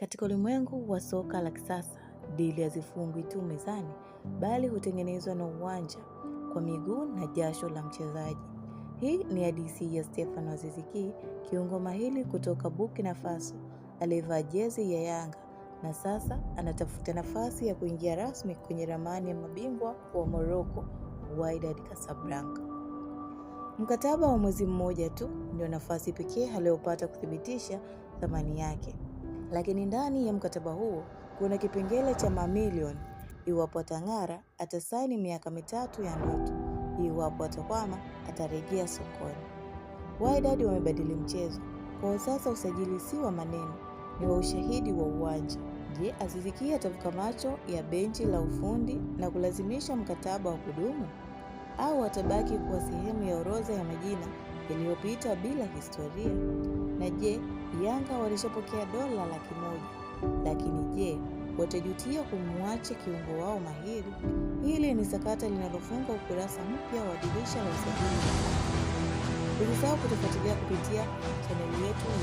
Katika ulimwengu wa soka la kisasa, dili hazifungwi tu mezani, bali hutengenezwa na uwanja kwa miguu na jasho la mchezaji. Hii ni hadithi ya Stefano aziziki kiungo mahiri kutoka Burkina Faso aliyevaa jezi ya Yanga na sasa anatafuta nafasi ya kuingia rasmi kwenye ramani ya mabingwa wa Morocco, Wydad Casablanca. Mkataba wa mwezi mmoja tu ndio nafasi pekee aliyopata kuthibitisha thamani yake. Lakini ndani ya mkataba huo kuna kipengele cha mamilioni iwapo atang'ara atasaini miaka mitatu ya ndoto, iwapo atakwama atarejea sokoni. Wydad wamebadili mchezo kwa sasa, usajili si wa maneno, ni wa ushahidi wa uwanja. Je, Aziz Ki atavuka macho ya benchi la ufundi na kulazimisha mkataba wa kudumu au atabaki kuwa sehemu ya orodha ya majina iliyopita bila historia? Na je, Yanga walishapokea dola laki moja, lakini je watajutia kumwacha kiungo wao mahiri? Hili ni sakata linalofunga ukurasa mpya wa dirisha la usajili. Usisahau kutufuatilia kupitia chaneli yetu.